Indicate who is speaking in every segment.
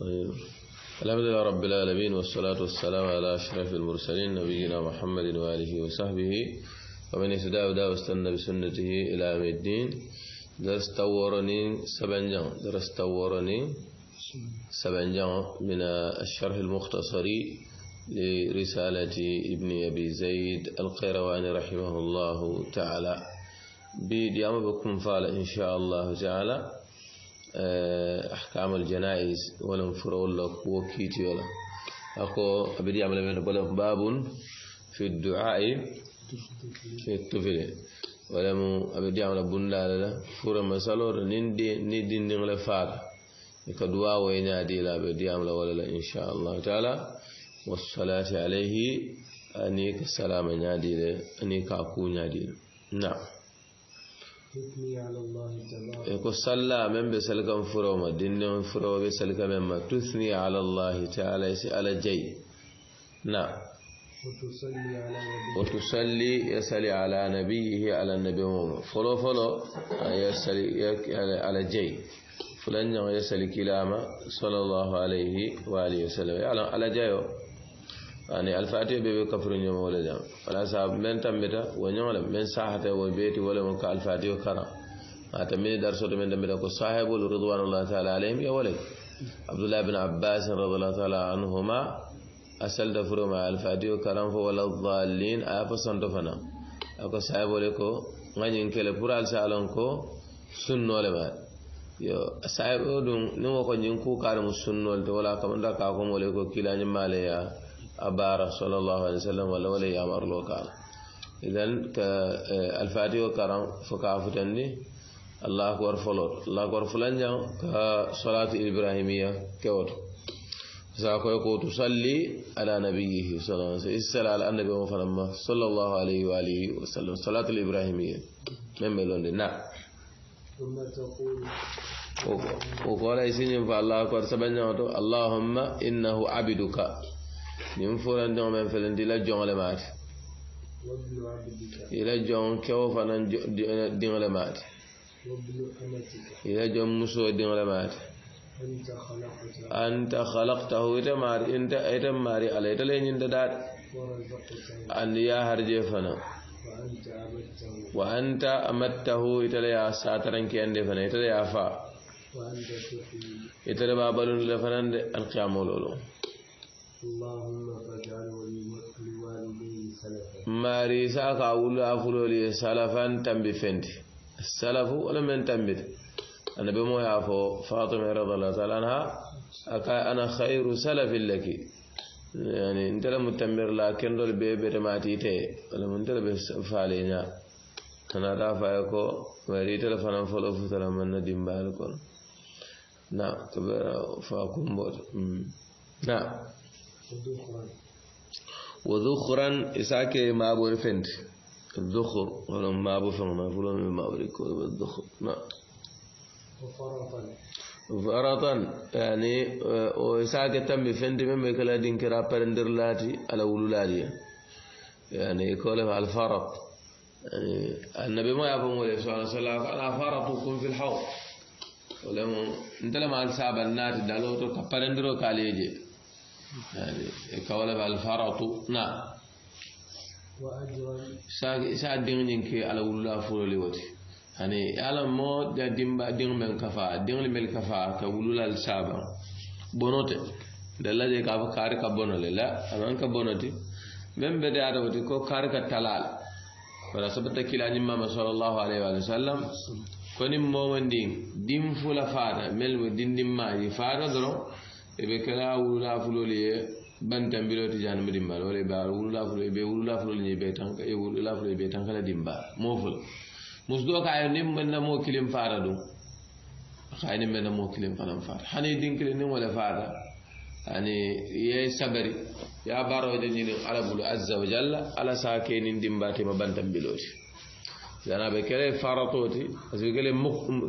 Speaker 1: طيب الحمد لله رب العالمين والصلاة والسلام على أشرف المرسلين نبينا محمد وآله وصحبه ومن يسدى ودا واستنى بسنته إلى يوم الدين درس تورني سبنجان درس تورني سبنجان من الشرح المختصري لرسالة ابن أبي زيد القيرواني رحمه الله تعالى بديام بكم فعل إن شاء الله تعالى آه، أحكام الجنائز ولم فرولا كوكيتي ولا أكو أبدي أعمل من بلغ باب في الدعاء في الطفل ولم أبدي أعمل بندا لا فر مسالور نندي ندي نغلا فار كدوا وين عدي لا أبدي أعمل ولا لا إن شاء الله تعالى والصلاة عليه أنيك السلام نادي أنيك أكون نادي نعم eko salla من be salkan furoma dinneon furowo be salka على الله تعالى ala جي taala si ala وتصلي يسلي على نبيه على النبي موما فلو فلو يسلي على جي فلن يسلي كلاما صلى الله عليه وآله وسلم على جي ani alfatiha be be kafru ñoma wala jam wala sa men tambita wo ñola men sahata wo beeti wala mon ko alfatiha kara ata min darsoto men dambita ko sahibul ridwanullah taala alayhim ya walak abdullah ibn abbas radiyallahu taala anhuma asal da furo ma alfatiha karam fo wala dhallin aya fa santo fana ako sahibole ko ngañin kele pour al salon ko sunnole ma yo sahibo dum ni wo ko ñin ku kare mu sunnol to wala kamanda ka ko mole ko kilañi maleya أبار صلى الله عليه وسلم ولا ولا يامر لو كان إذن آه، الفاتحة وكرم فكافتني الله أكبر فلور الله أكبر فلان جاو كصلاة إبراهيمية كوت ساكو يقول تصلي على نبيه صلى الله عليه وسلم الصلاة على النبي محمد صلى الله عليه وآله وسلم صلاة الإبراهيمية من ملون نعم ثم تقول وقال يسين فالله أكبر سبحانه اللهم إنه عبدك نم فلان دون من فلان دي لا جون لمات إلى جون كيو فنان دين لمات إلى جون مسوى دين لمات أنت خلقته إذا مار إنت إذا ماري على إذا لين إنت دار أني يا هرجي فنا وأنت أمته إذا لي أساترن كي عندي فنا إذا لي أفا إذا لي بابلون لفنا عند القيام ولولو اللهم فاجعله لوالديه سلفا ما ريساك أقول سلفا تنبي فندي السلف ولا من تنبي أنا بمو يعفو فاطمة رضي الله تعالى عنها أنا خير سلف لك يعني أنت لم تمر لكن دول بيبي ماتي تي ولا أنت لم فالينا. أنا رافع يكو وريت لفنا فلو فتلا من ندم بالكون. نعم كبير فاكم بود نعم وذخرا إساك ما أبو رفنت الذخر ولا ما أبو فما فلان ما أبو أبريك الذخر نعم فرطا يعني آه، وإساك تم فند من مكلا دين كرا برندر لاتي على ولو لاتي يعني يقول الفرط يعني النبي ما يفهم ولا صلى الله عليه وسلم أنا فرطكم في الحوض ولم انت لما السابع الناتي دالوتو كبرندرو كاليجي يعني كولب الفرط نعم وأجرا ساد دينك على الله فول لوتي يعني على ما دين با دين من كفا دين من كفا كولو لا السابع بنوت دلله جاي كاب كارك بنول لا أنا كبنوتي من بدأ أروتي كو كارك تلال ورسول تكلم جماعة صلى الله عليه وسلم كوني مومن دين دين فول فارا ملو دين دين ما يفارا درو ebe kala wulula fulo le ye bantanbilo ti jahanama dimbala wala ba wulula fulo be wulula fulo ye be tan ka e wulula fulo be tan kala dimba mo fulo musdo ka ayo nim na mo kilim fara dum ka ni na mo kilim fanan fara hani din kile nim wala fara ani ye sabari ya baro de ni ala bulu azza wa jalla ala sa ke ni dimba te ma bantanbilo ti yana be kele faratoti asbe kele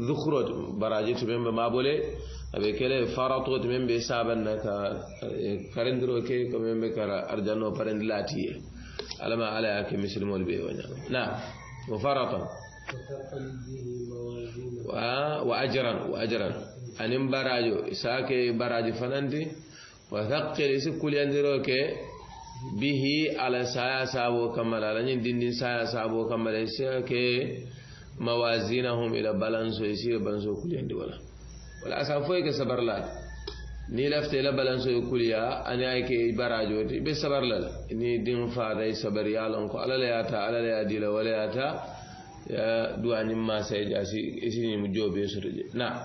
Speaker 1: dhukhrot barajitu be ma bole abe kele farato to membe saban na ka karendiro ke ko membe kara arjano parendilati e alama ala yake muslimol be wanya na mufaratan wa wa ajran wa ajran anin barajo isake barajo fanandi wa thaqqil isikul yandiro ke bihi ala saya sabo kamala ala nyin dindin saya sabo kamala isake mawazinahum ila balanso isir banso kulyandi wala ولا أسافوي كسبر لا نيلفت إلى بلانسو يكوليا أنا أيك إبراجو تي بس سبر لا إني دين فادا يسبر يالون كو على ليأتا على ليأدي لا ولا ليأتا يا دواني ما سيد أسي أسيني مجوب يسرج نا نعم.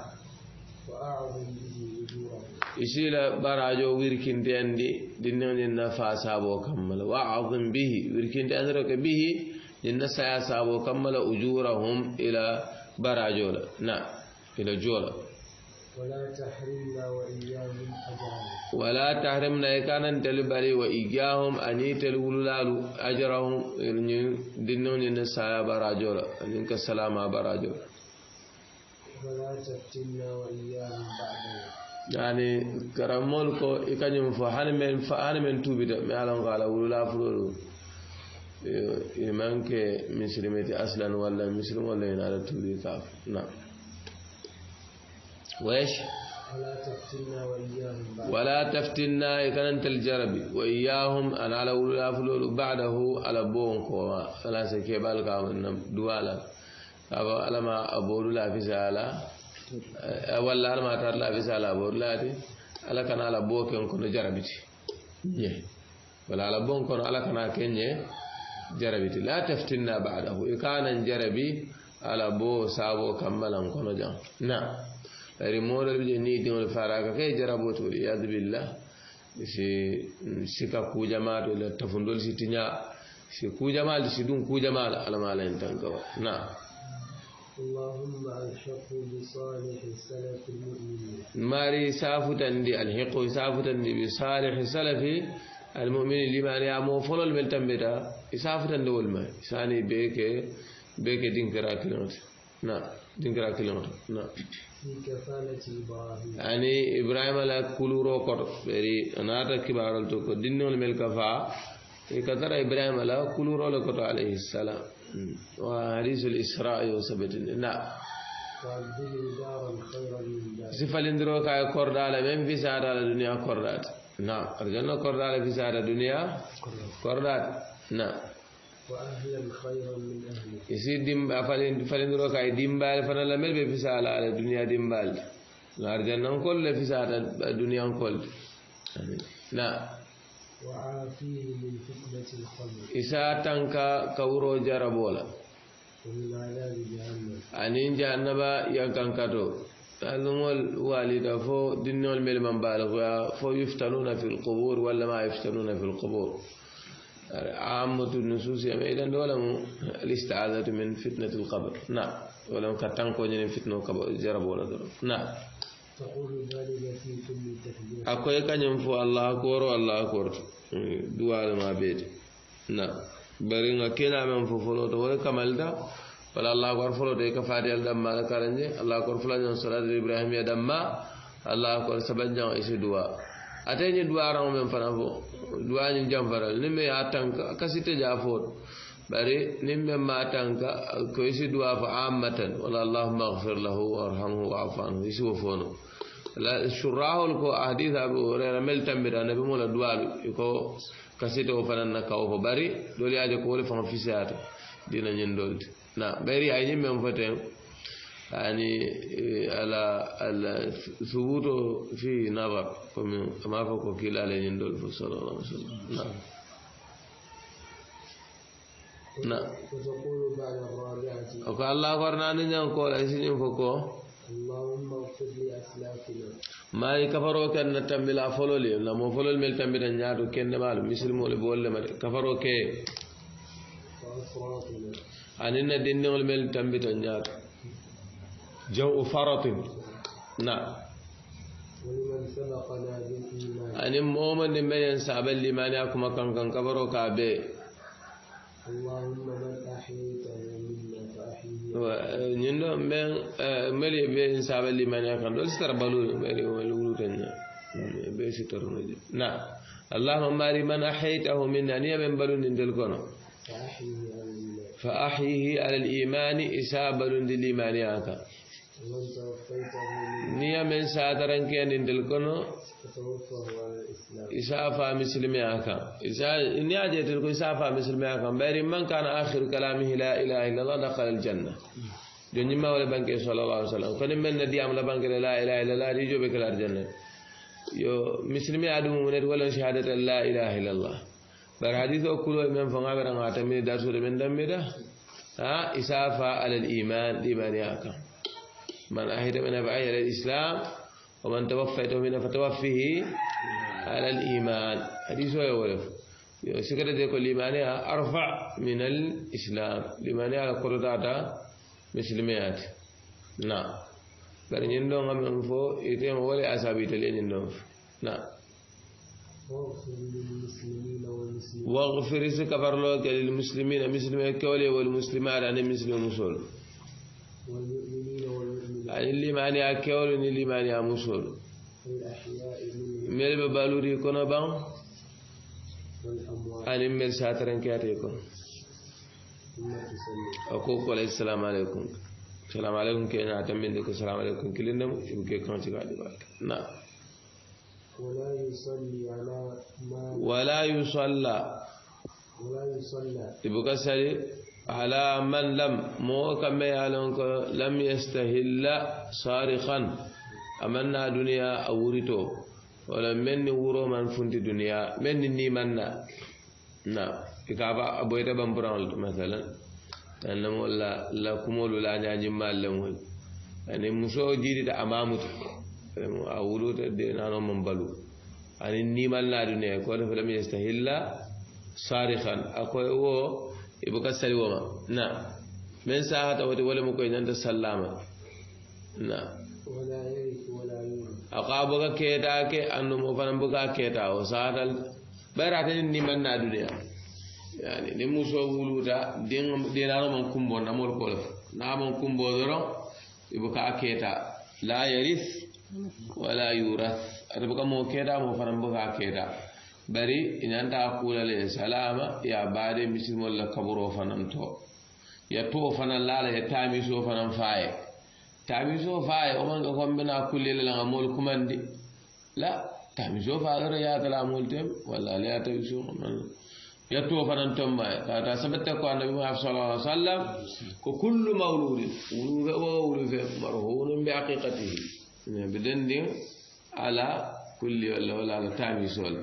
Speaker 1: إشي لا براجو ويركين تاندي دينه جنة فاسا بوكمل وعظم به ويركين تاندرو كبيه جنة سياسا بوكمل أجورهم إلى براجولا نعم إلى جولا ولا تحرمنا وإياهم
Speaker 2: أجرهم ولا تحرمنا
Speaker 1: إكانا تلبري وإياهم أن يتلو لالو أجرهم إن دينهم براجولا إنك سلام براجولا ولا تفتنا وإياهم بعدنا يعني كرمولك إكان يمفحان من فحان من توبيد ما علم قال أولو لا فلولو إيمانك مسلمتي أصلا ولا مسلم ولا ينال توبيد كاف نعم وإيش ولا تفتنا كانت الجربي وإياهم أنا على أولى فلول بعده على بون كوا فلا سكيبال كامن دوالا على ما أبور لا في سالا ولا على ما لا في سالا أبور لا دي على كان على بوك يمكن جربتي ولا على بون كون على كان كني
Speaker 2: جربتي لا تفتنا بعده إن كان جربي على بو سابو كملا كون جان
Speaker 1: نعم ari moolal je ni diŋol faraka kay jarabotoɗi yadu billah si sika kujamato la tafundol si tiña si kujamal si ɗum kujamal alamala en tan kawa na اللهم الحق بصالح سلف المؤمنين ماري سافتندي الحق سافتندي بصالح سلف المؤمنين لما يا مو فلول ملتمبتا سافتندي ولما ساني بيك بيك دينكرا كلمه نعم دينكرا كلمه نعم يعني إبراهيم على كل روك فري أنا ركب على التوك دين ولا ملك فا يكثر إبراهيم على كل روك عليه السلام وحديث الإسراء يثبت نعم صفة لندرو كاي كوردا على من في سارة الدنيا كوردات نعم أرجعنا كوردا على في سارة الدنيا كوردات نعم واهلا خيرا من اهله يسي ديم فلين فلين روكاي ديمبال فانا لمل بي فيسال على الدنيا ديمبال الجنه كل فيسال الدنيا كل لا وعافيه من فتنه الخمر اسا تنكا كورو جربولا ومن عذاب جهنم انين جهنبا ينكنكتو المول والد فو دينول ملمن بالغ فو يفتنون في القبور ولا ما يفتنون في القبور عامة النصوص إذن ولم الاستعاذة من فتنة القبر نعم ولم كتنكو من فتنة القبر جرب ولا درب نعم أكوي كان ينفو الله كور الله كور دعاء ما بيت نعم برينا كنا من ففلوت ولا كمال دا ولا الله كور أكبر فلوت يكفاري الدم ما كارنجي الله أكبر فلان صلاة إبراهيم يا دم ما الله أكبر سبحانه إيش دعاء أتيني دعاء رحمه من فنافو waanin jamfaral nin me yaa tanka a kasite jaafooto bari nin me maa tanka ko isi duwaa fo ammatan wala allahuma agfir lahu warhamhu waafu anhu isi wo foono surrahol ko ahadise aɓe o rera mel tammira nabi mola duwaalu iko kasite o fananna kawo fo bari doliyaaje ko wole fan fisaata dina ñin dolde na ɓayri ay ñin men foten يعني على ثبوت في نظر كما فوق كلا لين دول صلى الله عليه وسلم نعم نعم وقال الله فرنان ينقول أيسين فوقه اللهم اغفر لي اسلافنا ما يكفروا كأن تنبي لا فلو لي لما فلو الميل تنبي نجارو كأن مال مثل مول بول لما كفروا كي ان ديننا الميل تنبي تنجارو جو فرط نعم ولمن سبقنا بالإيمان أن موما لمن ينسى بل لمن يكما كان كان كبروا كابي اللهم من أحييته منا من نيندو آه، من ملي بي ينسى بل لمن يكن دول ستر بلو ملي ولو تنيا بي ستر نعم اللهم ماري من أحيته منا نيا من بلون دل كنا فأحيه على الإيمان إسابة للإيمان ياكا نيا من سادرن كي نندل كنو إسافة مسلمي آكا نيا جيتل كو إسافة مسلمي آكا بيري من كان آخر كلامه لا إله إلا الله دخل الجنة جن جمع ولا بانكي صلى الله عليه وسلم كن من ندي عمل بانكي لا إله إلا الله ريجو بكل الجنة يو مسلمي آدم مونت ولا شهادة لا إله إلا الله بر حديث أقول من فنعا برنا عتمي دارسول من دم ها إسافة على الإيمان إيمان آكا من أهد من أبعي على الإسلام ومن توفى من فتوفيه على الإيمان حديث هو يولف سكرة يقول لإيمانها أرفع من الإسلام لإيمانها يقول ذاتا مسلمات نعم بل نندون غم ينفو يتيم ولي أسابيت لين ينف نعم واغفر كفر لك للمسلمين مسلمين كولي والمسلمين عن مسلم مسلم يعني اللي ماني أكول إن اللي ماني أمسول مل ببالوري كنا بان أنا مل ساترن كاتي كون أكوك عليه السلام عليكم السلام عليكم كينا أتمنى لكم السلام عليكم كلنا يمكن كم تقعد نعم ولا يصلي على ما ولا يصلى ولا يصلى يبقى سالي على من لم موكم يالونك لم يستهل صارخا أمنا دنيا أوريتو ولا من ورو من فنت دنيا من ني من نعم كابا أبويت بمبران مثلا أنم ولا لكم ولا ناجم مالهم أن مسو جيرت أمامك أولوت دينانو من بلو أن ني من لا دنيا كون فلم يستهل صارخا أكو ibuka sali woma na men sahata wote wole mu koye nanta sallama na aka buka keta ke andumo fana buka keta o sahatal bayratani ndiman na duniya yani ni muso wuluta dirano man kumbo namol kolo naman kumbo doron ibuka keta la yaris wala yuras ata buka mo keta mo fana buka keta bari inanta kulale salama ya bare misilmol la kaburo fanan to ya to fanan lala ya tamiso fanan faye tamiso faye o manga kombina kullele la mol kumandi la tamiso faare ya tala mol tem walla la tamiso man ya to fanan tomma ta ta sabatta ko annabi muhammad sallallahu alaihi wasallam ko kullu mawludin wuluga o wuluga marhunun bi haqiqatihi bidandin ala kulli walla wala tamiso la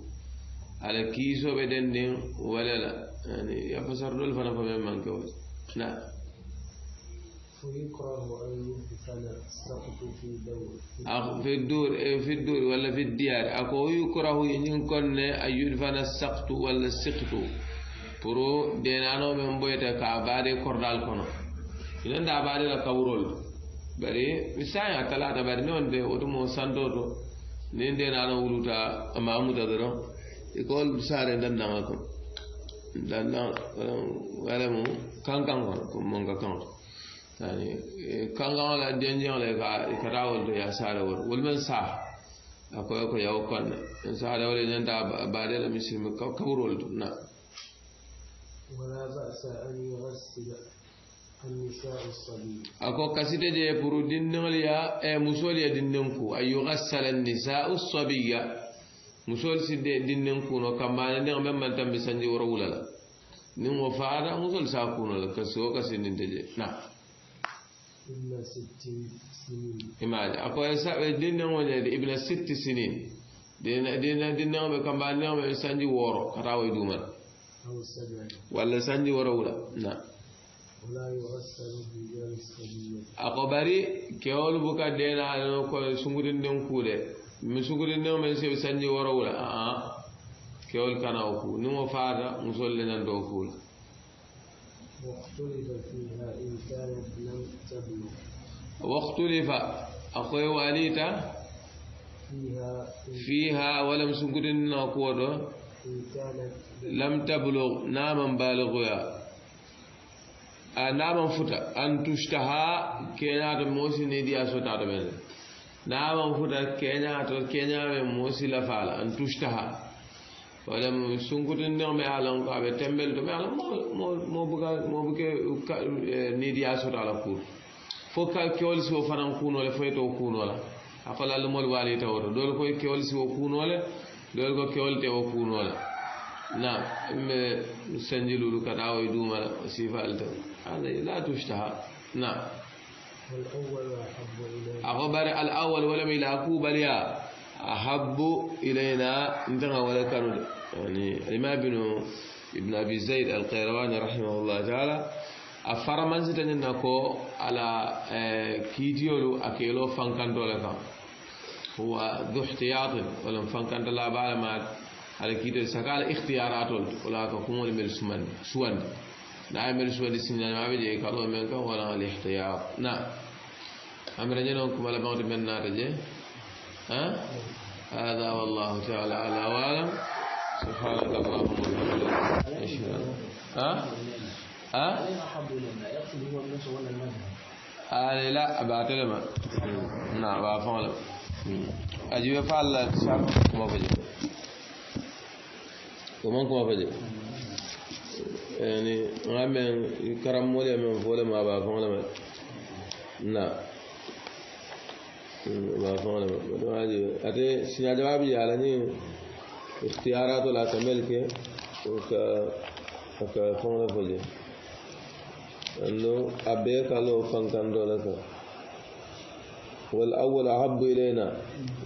Speaker 1: على كيسو بدن دين ولا لا يعني يفسر دول فانا فمن من كوز نعم فيكره أن يدفن السقط في الدور في الدور إيه، في الدور ولا في الديار أكو يكره ينكن أن يدفن السقط ولا السقط برو دينانو من بيتا كعبادة كردال كنا إذن دعبادة لكورول bari misaya talata bari ne wanda wato mo sando to ne dena na wuluta يقول بسارة دنا معكم دنا ولم كان كان كان من كان يعني كان كان لا دين جان لا كراول يا سارة والمن صح akoy ko yaw kon sa da wala nan da bare la misir mi ka kaburol na wala ba sa an yughassil an nisa as-sabi ako kasite je puru dinnol ya e musol ya dinnen ko ay yughassil an nisa as-sabiya musol sidde dinnen kuno kammane ndeg men man tambi sanji woro wulala nin wo faada musol sa kunola ka soo ka sininte je na imaje a koye saɓe dinnen wo ñade ibna sitti sinin dinna dinnen oɓe kambane ndeg oɓe sanji woro kata woye duman walla sanji woro wula na a ko bari kewol buka denaleno ko sungudin den kuude مسكوت النوم من سيف سنجي وراولا آه،, آه كيول كان أوفو نو فارا مسول لنا دوفولا واختلف فيها إن كانت لم تبلغ واختلف أخوي وأنيتا فيها فيها ولم سكوت النوم لم تبلغ ناما بالغويا أنا آه، من فتى أن تشتهى كي نعرف موسى نيدي أسود نعرف منه نعم فتا كينيا تو كينيا موسي لفعل أن تشتهى ولم سنكت النعم على قابة تنبل تم على مو مو بكا مو بكا آه، نيديا سر على كور فوكا كيول سو فنان كون ولا فيتو كون ولا أقول الله مول والي تور دول كوي كيول سو كون ولا دول كو كيول تيو كون ولا نعم سنجلو لك دعوة دوما سيفالتو هذا لا تشتهى نعم والأول إلينا أخبر الأول ولم يلاقوا بل أحب إلينا انتهى ولا كانوا يعني الإمام بن ابن أبي زيد القيرواني رحمه الله تعالى أفرمان ستنينكو على آه، كيديولو أكيلو فانكانتو دولكا هو ذو احتياط ولم فانكانت الله بعد ما على كيديولو سكال اختياراتو ولا كومول مل سوان نعم مل السنين ما بيجي كالو منك ولا الاحتياط نعم أمرنا نكم على بعض من نارجة ها هذا والله تعالى على وعلم سبحانك اللهم وبحمدك ها ها أعلي لا أبعتنا ما نعم بعفوا لك أجيب فعل لك شعب ما بجي ومن كما بجي يعني غامل كرم مولي من فولي ما بعفوا لك نعم معفونا أتى سنا جواب يالني اختيارات لا تمل كي وكا وكا فونا فوجي أنه أبي قالوا فانكان دولك والأول أحب إلينا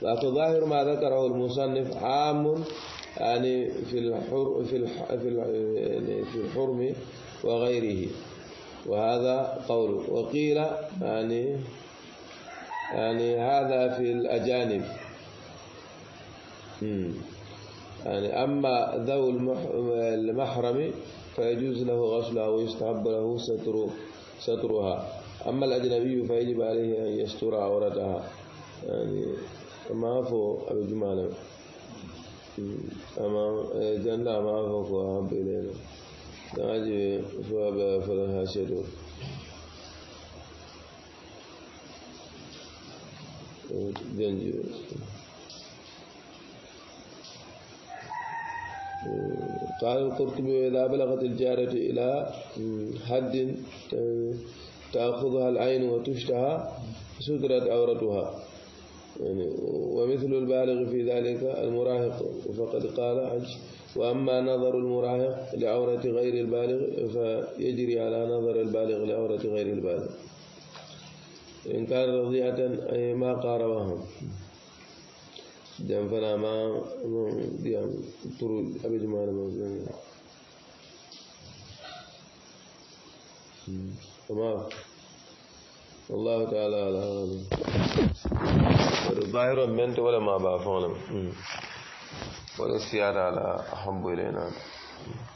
Speaker 1: لكن ظاهر ما ذكره المصنف عام يعني في الحر في الح في يعني في الحرم وغيره وهذا قول وقيل يعني يعني هذا في الأجانب يعني أما ذو المحرم فيجوز له غسلها ويستحب له ستر سترها أما الأجنبي فيجب عليه أن يستر عورتها يعني ما فو أبجمالا أما جنة ما فو أحب إلينا نعجي فو أبا فلها then you قال القرطبي وإذا بلغت الجارة إلى حد تأخذها العين وتشتهى سترت عورتها يعني ومثل البالغ في ذلك المراهق فقد قال حج وأما نظر المراهق لعورة غير البالغ فيجري على نظر البالغ لعورة غير البالغ إن كان رضيعة أي ما قاربهم جنفنا ما ديام ترو أبي جمال تمام الله تعالى على هذا ظاهر من ولا ما بعرفونه ولا سيارة على أحب إلينا